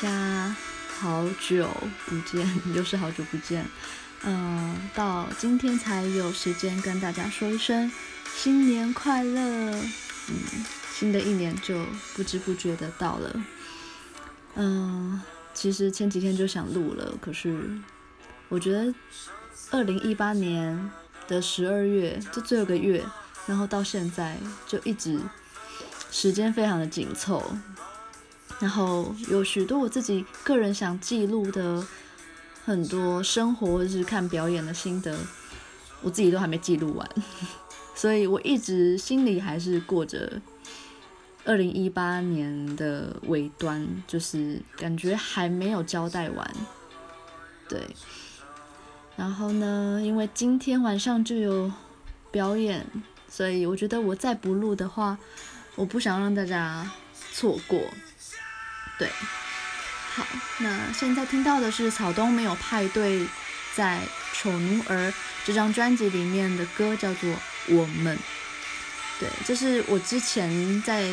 大家好久不見，又是好久不見，嗯，到今天才有時間跟大家說一聲新年快樂。嗯，新的一年就不知不覺的到了。嗯，其實前幾天就想錄了，可是我覺得二零一八年的十二月就最後一個月，然後到現在就一直時間非常的緊湊。然後有許多我自己個人想記錄的很多生活，或、就是看表演的心得，我自己都還沒記錄完， 所以我一直心裡還是過着二零一八年的尾端，就是感覺還沒有交代完。對，然後呢，因為今天晚上就有表演，所以我覺得我再不錄的話，我不想讓大家錯過。對，好，那現在聽到的是草東沒有派對在《醜奴兒》這張專輯裡面的歌，叫做《我們》。對，這是我之前在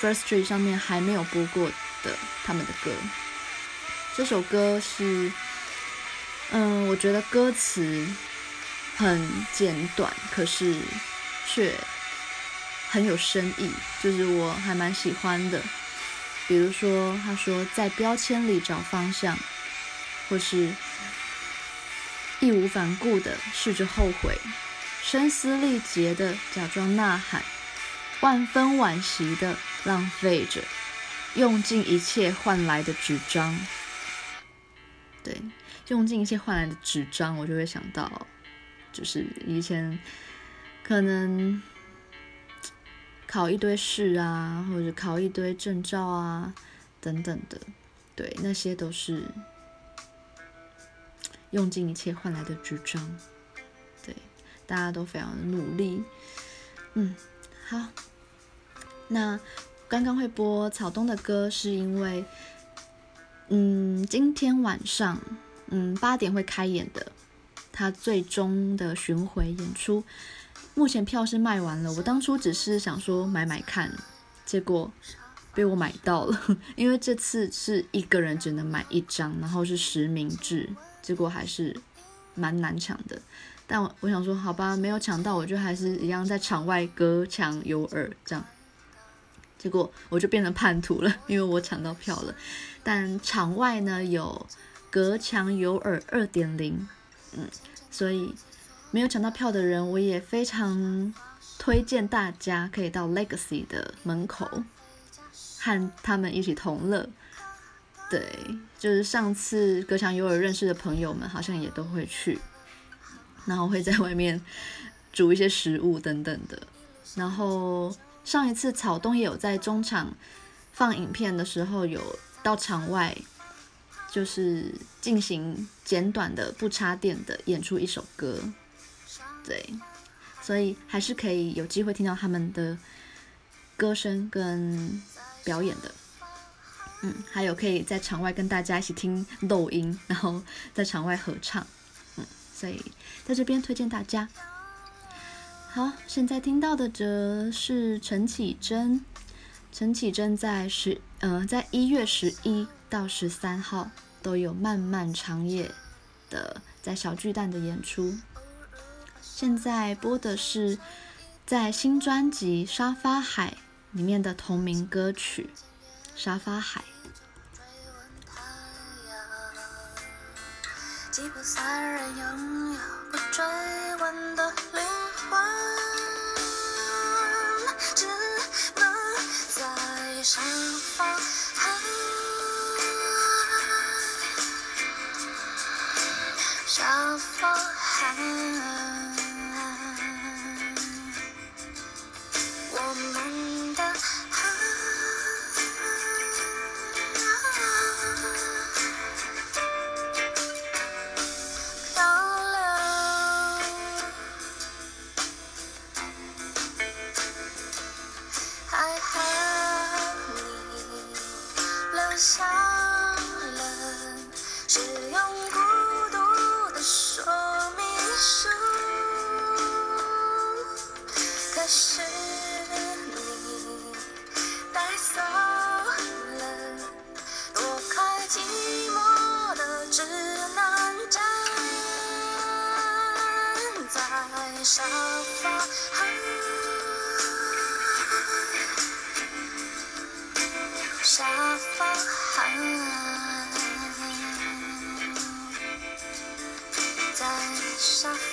Firstory 上面還沒有播過的他們的歌。這首歌是，嗯，我覺得歌詞很簡短，可是卻很有深意，就是我還蠻喜歡的。比如說，他說在標籤裡找方向，或是義無反顧的試着後悔，聲嘶力竭的假裝吶喊，萬分惋惜的浪費着用盡一切換來的紙張。對，用盡一切換來的紙張，紙張我就會想到，就是以前可能。考一堆試啊，或者考一堆證照啊，等等的，對，那些都是用盡一切換來的紙張，對，大家都非常的努力，嗯，好，那剛剛會播草東的歌，是因為，嗯，今天晚上，嗯，八點會開演的，他最終的巡迴演出。目前票是賣完了。我當初只是想說買買看，結果被我買到了。因為這次是一個人只能買一張，然後是實名制，結果還是蠻難搶的。但我我想說，好吧，沒有搶到，我就還是一樣在場外隔牆有耳這樣。結果我就變成叛徒了，因為我搶到票了。但場外呢，有隔牆有耳二點零，嗯，所以。沒有搶到票的人，我也非常推薦大家可以到 Legacy 的門口和他們一起同樂。對，就是上次隔牆有耳認識的朋友們，好像也都會去，然後會在外面煮一些食物等等的。然後上一次草東也有在中場放影片的時候，有到場外就是進行簡短的不插電的演出一首歌。對，所以還是可以有機會聽到他們的歌聲跟表演的，嗯，還有可以在場外跟大家一起聽漏音，然後在場外合唱，嗯，所以在這邊推薦大家。好，現在聽到的則是陳綺貞，陳綺貞在十，嗯、呃，在一月十一到十三號都有《漫漫長夜》的在小巨蛋的演出。現在播的是在新專輯《沙發海》裡面的同名歌曲《沙發海》。沙發，沙發，在沙。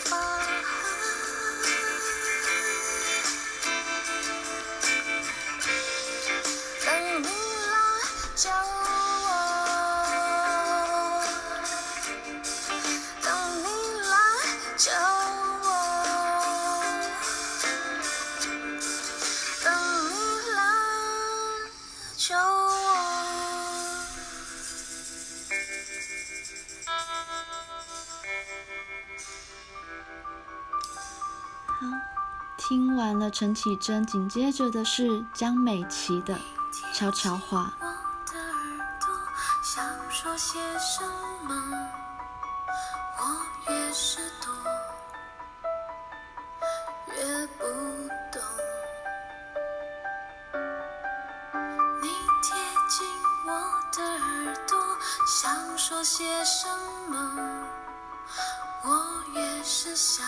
陳綺貞，緊接着的是江美琪的《悄悄話》。你貼近我的耳朵，想說些什麼？我越是懂，越不懂你。你貼近我的耳朵，想說些什麼？我越是想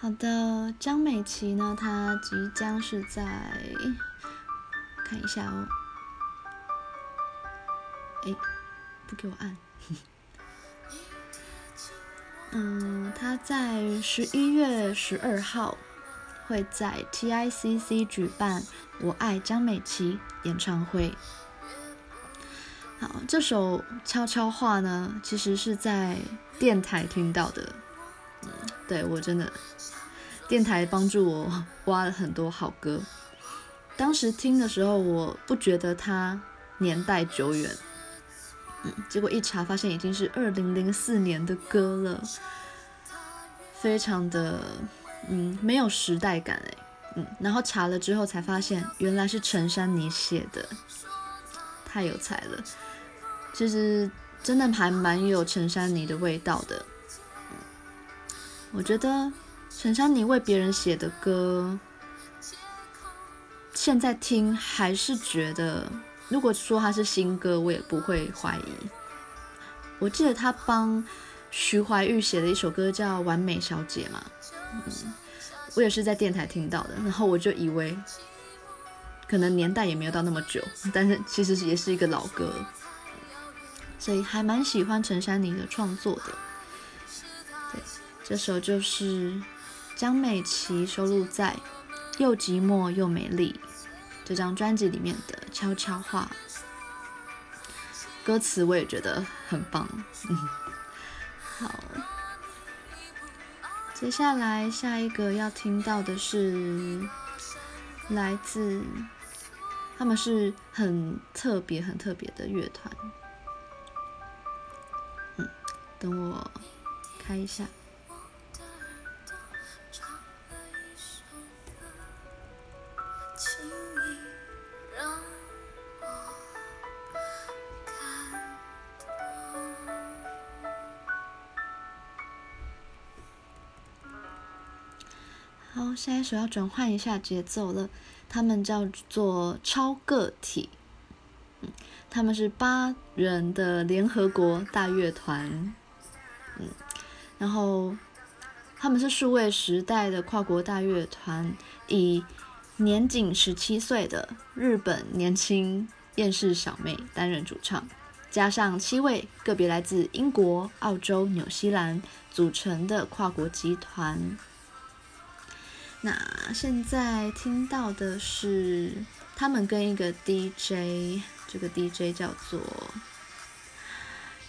好的，江美琪呢？她即將是在，看一下哦。哎，不給我按。呵呵嗯，她在十一月十二號會在 TICC 舉辦“我愛江美琪”演唱會。好，這首悄悄話呢，其實是在電台聽到的。嗯，對，我真的，電台幫助我挖了很多好歌。當時聽的時候，我不覺得它年代久遠，嗯，結果一查發現已經是二零零四年的歌了，非常的，嗯，沒有時代感哎，嗯，然後查了之後才發現原來是陳珊妮寫的，太有才了。其實真的還蠻有陳珊妮的味道的。我覺得陳珊妮為別人寫的歌，現在聽還是覺得，如果說它是新歌，我也不會懷疑。我記得他幫徐懷鈺寫的一首歌叫《完美小姐》嘛，嗯，我也是在電台聽到的，然後我就以為可能年代也沒有到那麼久，但是其實也是一個老歌。所以還蠻喜歡陳珊妮的創作的。對，這首就是江美琪收錄在《又寂寞又美麗》這張專輯裡面的《悄悄話》。歌詞我也覺得很棒。 好，接下來下一個要聽到的是來自他們是很特別、很特別的樂團。等我開一下。好，下一首要轉換一下節奏了。他們叫做超個體，嗯，他們是八人的聯合國大樂團。然後，他們是數位時代的跨國大樂團，以年僅十七歲的日本年輕豔勢小妹擔任主唱，加上七位個別來自英國、澳洲、紐西蘭組成的跨國集團。那現在聽到的是他們跟一個 DJ，這個 DJ 叫做。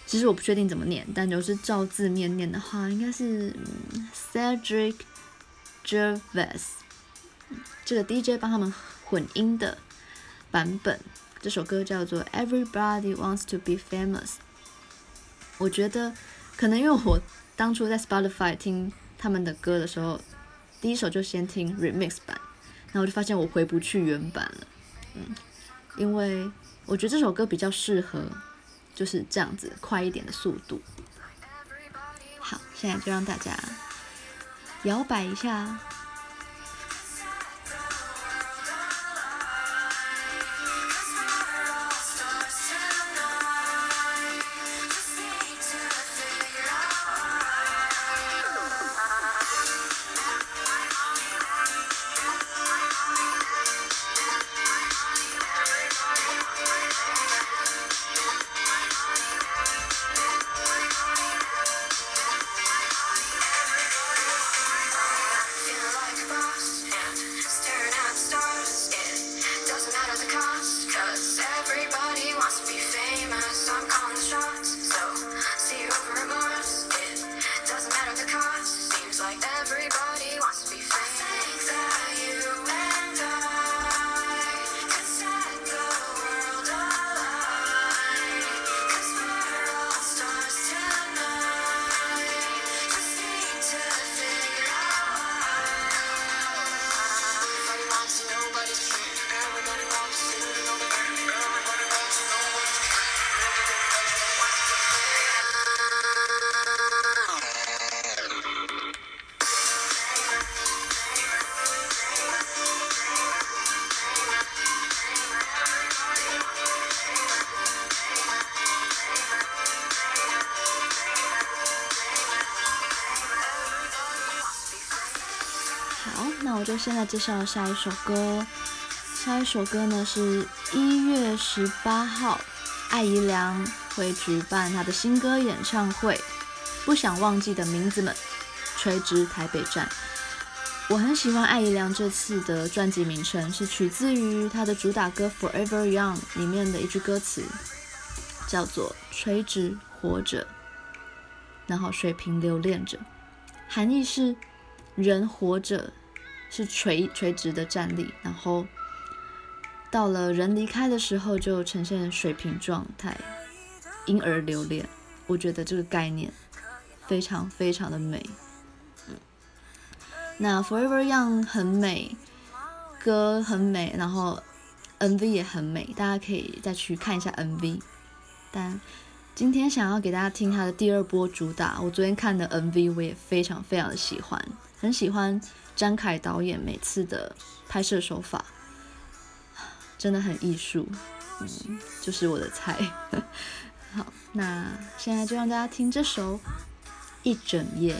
其實我不確定怎麼念，但如果是照字面念的話，應該是、嗯、Cedric Jervis、嗯、這個 DJ 幫他們混音的版本。這首歌叫做《Everybody Wants to Be Famous》。我覺得可能因為我當初在 Spotify 聽他們的歌的時候，第一首就先聽 Remix 版，然後我就發現我回不去原版了。嗯，因為我覺得這首歌比較適合。就是這樣子，快一點的速度。好，現在就讓大家搖擺一下。現在介紹下一首歌，下一首歌呢是一月十八號，艾怡良會舉辦他的新歌演唱會，不想忘記的名字們，垂直台北站。我很喜歡艾怡良這次的專輯名稱，是取自於他的主打歌《Forever Young》裡面的一句歌詞，叫做“垂直活着，然後水平留戀着”，含義是人活着。是垂垂直的站立，然後到了人離開的時候就呈現水平狀態，嬰兒留戀。我覺得這個概念非常非常的美。嗯，那 Forever Young 很美，歌很美，然後 MV 也很美，大家可以再去看一下 MV。但今天想要給大家聽他的第二波主打，我昨天看的 MV 我也非常非常的喜歡。很喜歡張凱導演每次的拍攝手法，真的很藝術，嗯，就是我的菜。 好，那現在就讓大家聽這首《一整夜》。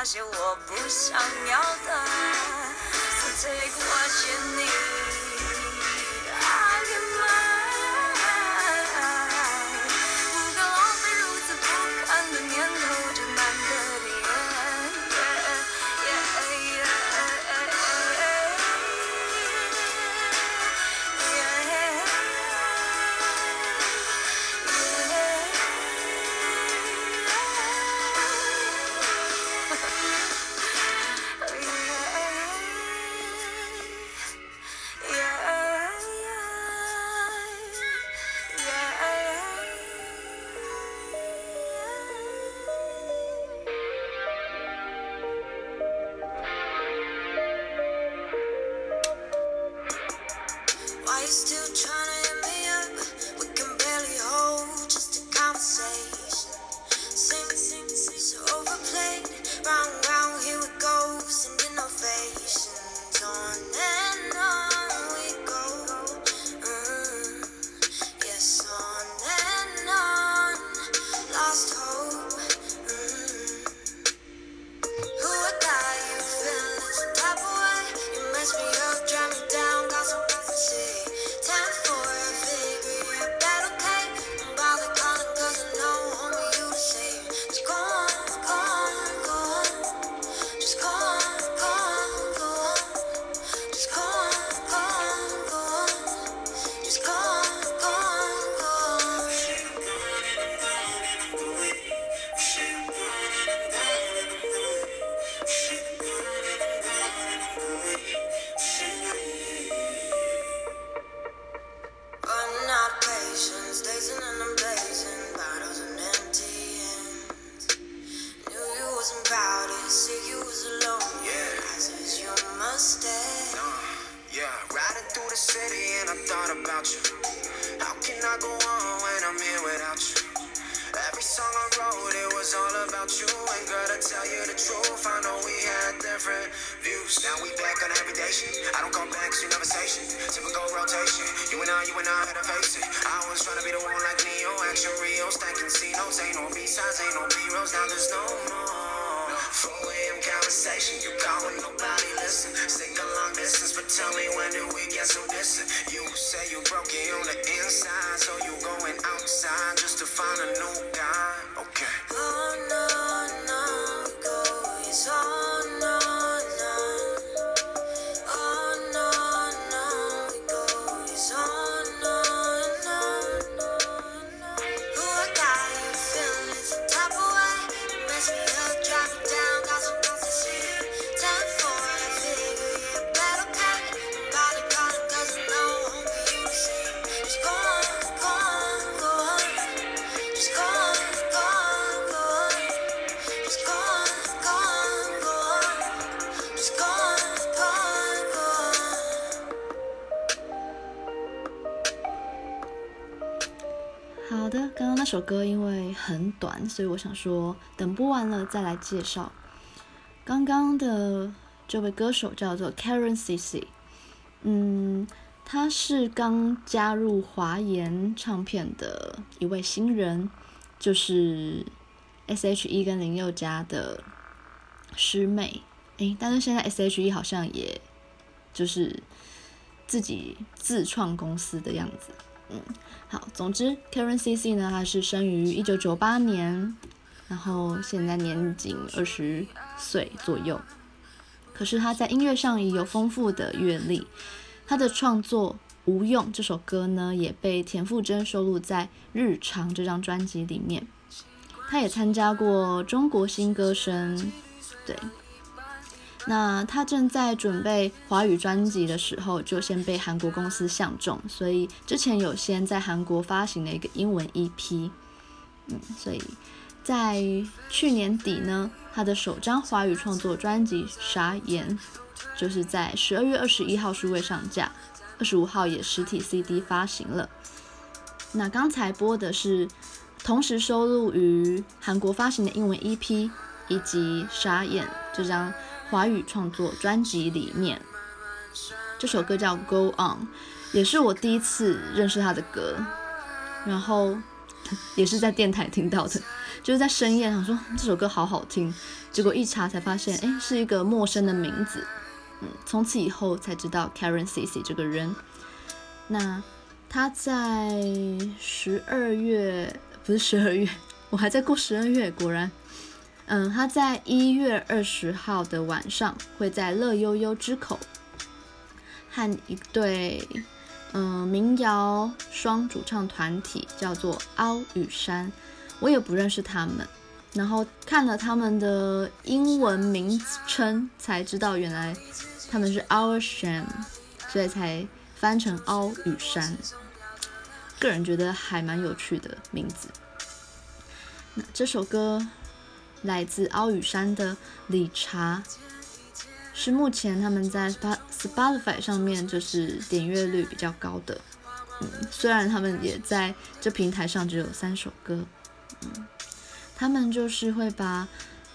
那些我不想要的從這裡劃線你這首歌，歌因為很短，所以我想說等播完了再來介紹。剛剛的這位歌手叫做 Karen Cici，嗯，她是剛加入華研唱片的一位新人，就是 S.H.E 跟林宥嘉的師妹。誒，但是現在 S.H.E 好像也就是自己自創公司的樣子。嗯，好。總之，Karencici 呢，他是生於一九九八年，然後現在年僅二十歲左右。可是他在音樂上已有豐富的閱歷，他的創作《無用》這首歌呢，也被田馥甄收錄在《日常》這張專輯裡面。他也參加過《中國新歌聲》，對。那他正在準備華語專輯的時候，就先被韓國公司相中，所以之前有先在韓國發行了一個英文 EP。嗯，所以在去年底呢，他的首張華語創作專輯《傻眼》就是在十二月二十一號數位上架，二十五號也實體 CD 發行了。那剛才播的是同時收錄於韓國發行的英文 EP 以及《傻眼》這張。華語創作專輯裡面，這首歌叫《Go On》，也是我第一次認識他的歌，然後也是在電台聽到的，就是在深夜，想說這首歌好好聽，結果一查才發現，哎，是一個陌生的名字，嗯，從此以後才知道 Karencici 這個人。那他在十二月，不是十二月，我還在過十二月，果然。嗯，他在一月二十號的晚上會在樂悠悠之口和一對嗯民謠雙主唱團體叫做凹與山，我也不認識他們，然後看了他們的英文名稱才知道原來他們是 Our Shame，所以才翻成凹與山，個人覺得還蠻有趣的名字。那這首歌。來自奧羽山的理查，是目前他們在 Spotify sp 上面就是點閱率比較高的，嗯。雖然他們也在這平台上只有三首歌，嗯，他們就是會把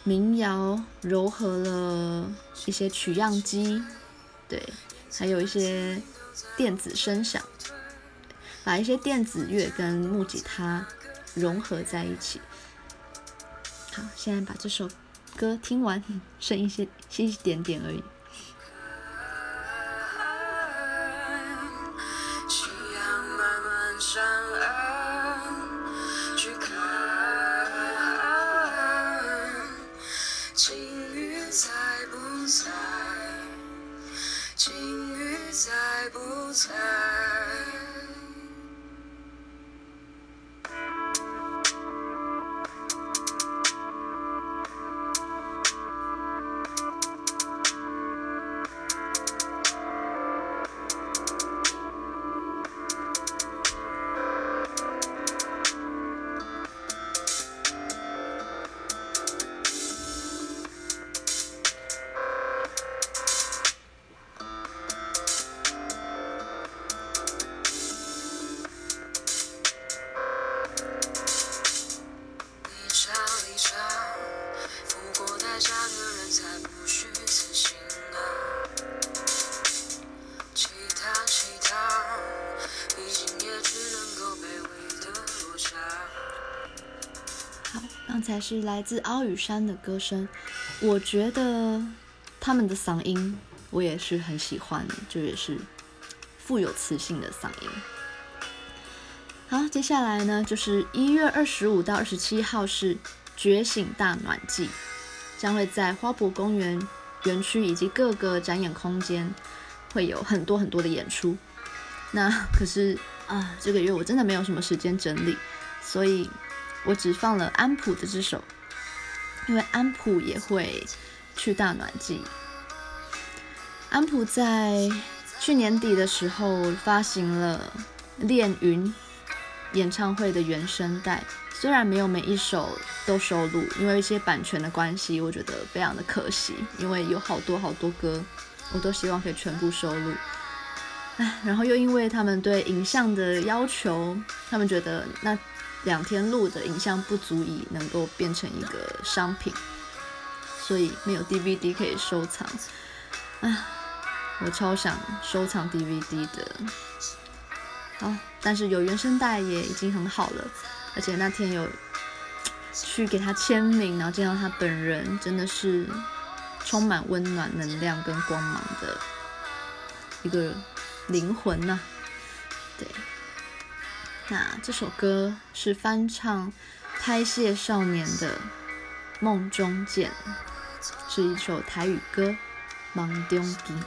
民謠糅合了一些取樣機，對，還有一些電子聲響，把一些電子樂跟木吉他融合在一起。好，現在把這首歌聽完，剩一些，剩一點點而已。才是來自奧宇山的歌聲，我覺得他們的嗓音我也是很喜歡，就也是富有磁性的嗓音。好，接下來呢，就是一月二十五到二十七號是覺醒大暖季，將會在花博公園園區以及各個展演空間會有很多很多的演出。那可是啊，這個月我真的沒有什麼時間整理，所以。我只放了安普的這首，因為安普也會去大暖季。安普在去年底的時候發行了《煉雲》演唱會的原聲帶，雖然沒有每一首都收錄，因為一些版權的關係，我覺得非常的可惜，因為有好多好多歌，我都希望可以全部收錄。唉，然後又因為他們對影像的要求，他們覺得那。兩天錄的影像不足以能夠變成一個商品，所以沒有 DVD 可以收藏。啊，我超想收藏 DVD 的。好，但是有原聲帶也已經很好了，而且那天有去給他簽名，然後見到他本人，真的是充滿溫暖能量跟光芒的一個靈魂吶，啊，對。那這首歌是翻唱《拍謝少年》的《夢中見》，是一首台語歌《夢中見》。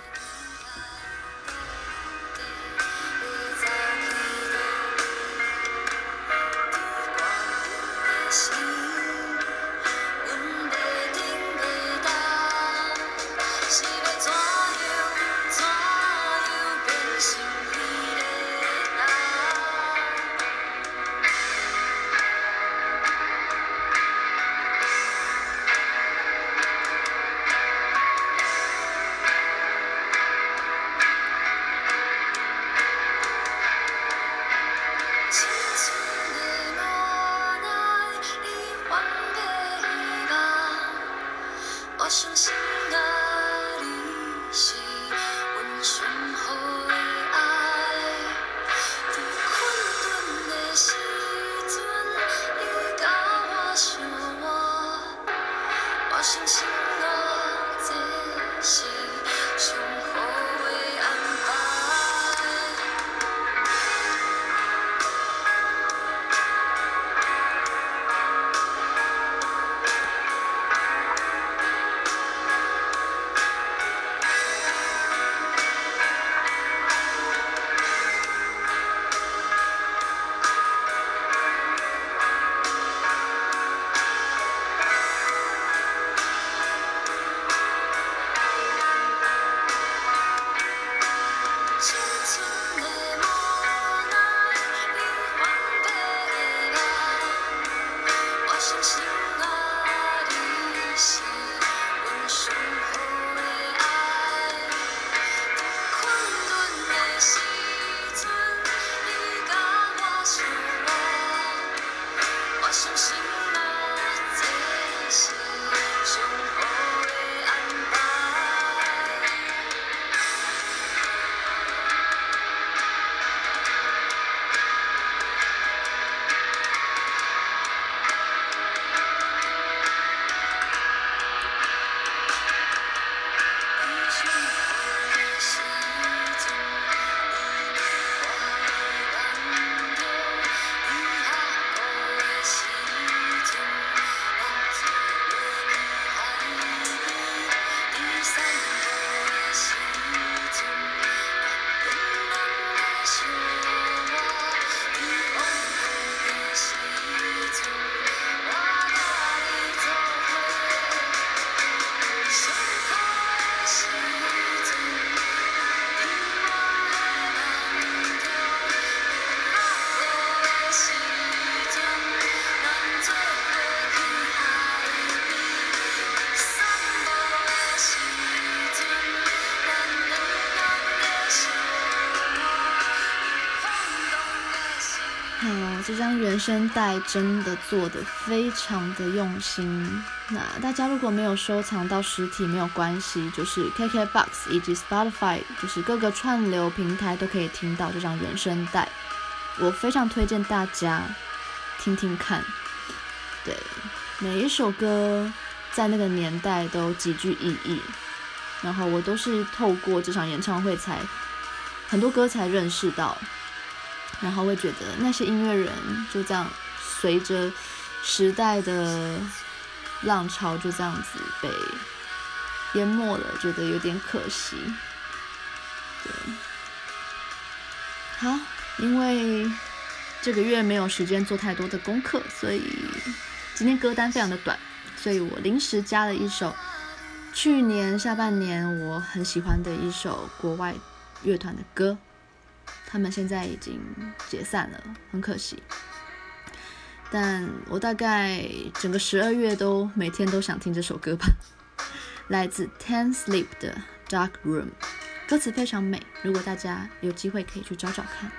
原聲帶真的做得非常的用心，那大家如果沒有收藏到實體沒有關係，就是 KKBOX 以及 Spotify，就是各個串流平台都可以聽到這張原聲帶，我非常推薦大家聽聽看。對，每一首歌在那個年代都極具意義，然後我都是透過這場演唱會才很多歌才認識到。然後會覺得那些音樂人就這樣，隨着時代的浪潮就這樣子被淹沒了，覺得有點可惜。對。好，因為這個月沒有時間做太多的功課，所以今天歌單非常的短，所以我臨時加了一首去年下半年我很喜歡的一首國外樂團的歌。他們現在已經解散了，很可惜。但我大概整個十二月都每天都想聽這首歌吧，來自 Ten Sleep 的 Dark Room，歌詞非常美，如果大家有機會可以去找找看。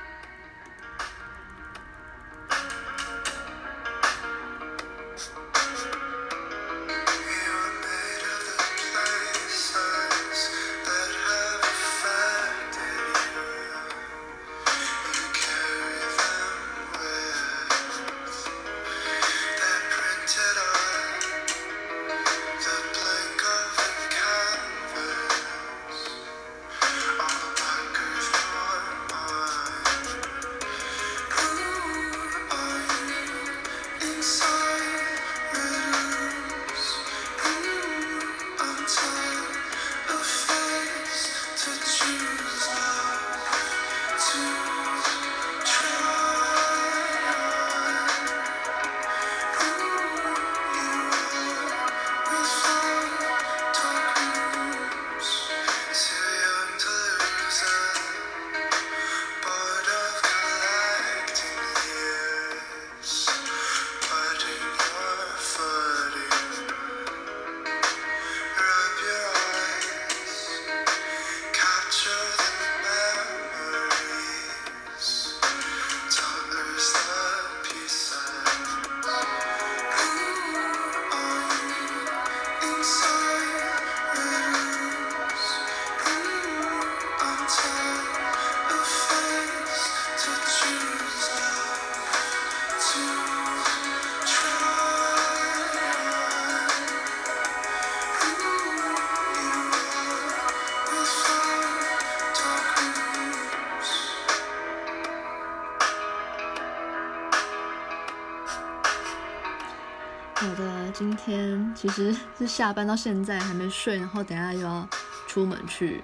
其實是下班到現在還沒睡，然後等下又要出門去，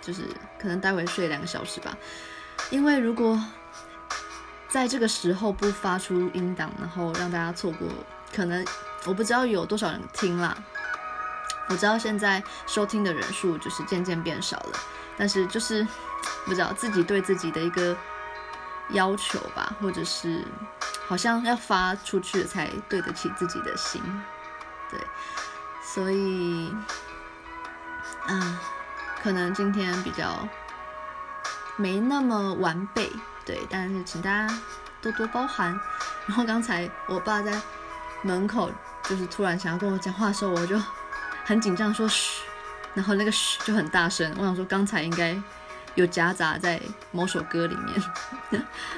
就是可能待會睡兩個小時吧。因為如果在這個時候不發出音檔，然後讓大家錯過，可能我不知道有多少人聽啦。我知道現在收聽的人數就是漸漸變少了，但是就是不知道自己對自己的一個要求吧，或者是好像要發出去才對得起自己的心。對，所以，嗯，可能今天比較沒那麼完備，對，但是請大家多多包涵。然後剛才我爸在門口就是突然想要跟我講話的時候，我就很緊張地說噓，然後那個噓就很大聲。我想說剛才應該有夾雜在某首歌裡面，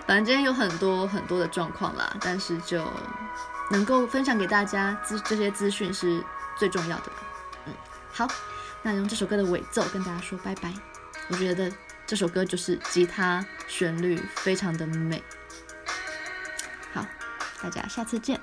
反正今天有很多很多的狀況啦，但是就。能夠分享給大家資這些資訊是最重要的。嗯，好，那用這首歌的尾奏跟大家說拜拜。我覺得這首歌就是吉他旋律非常的美。好，大家下次見。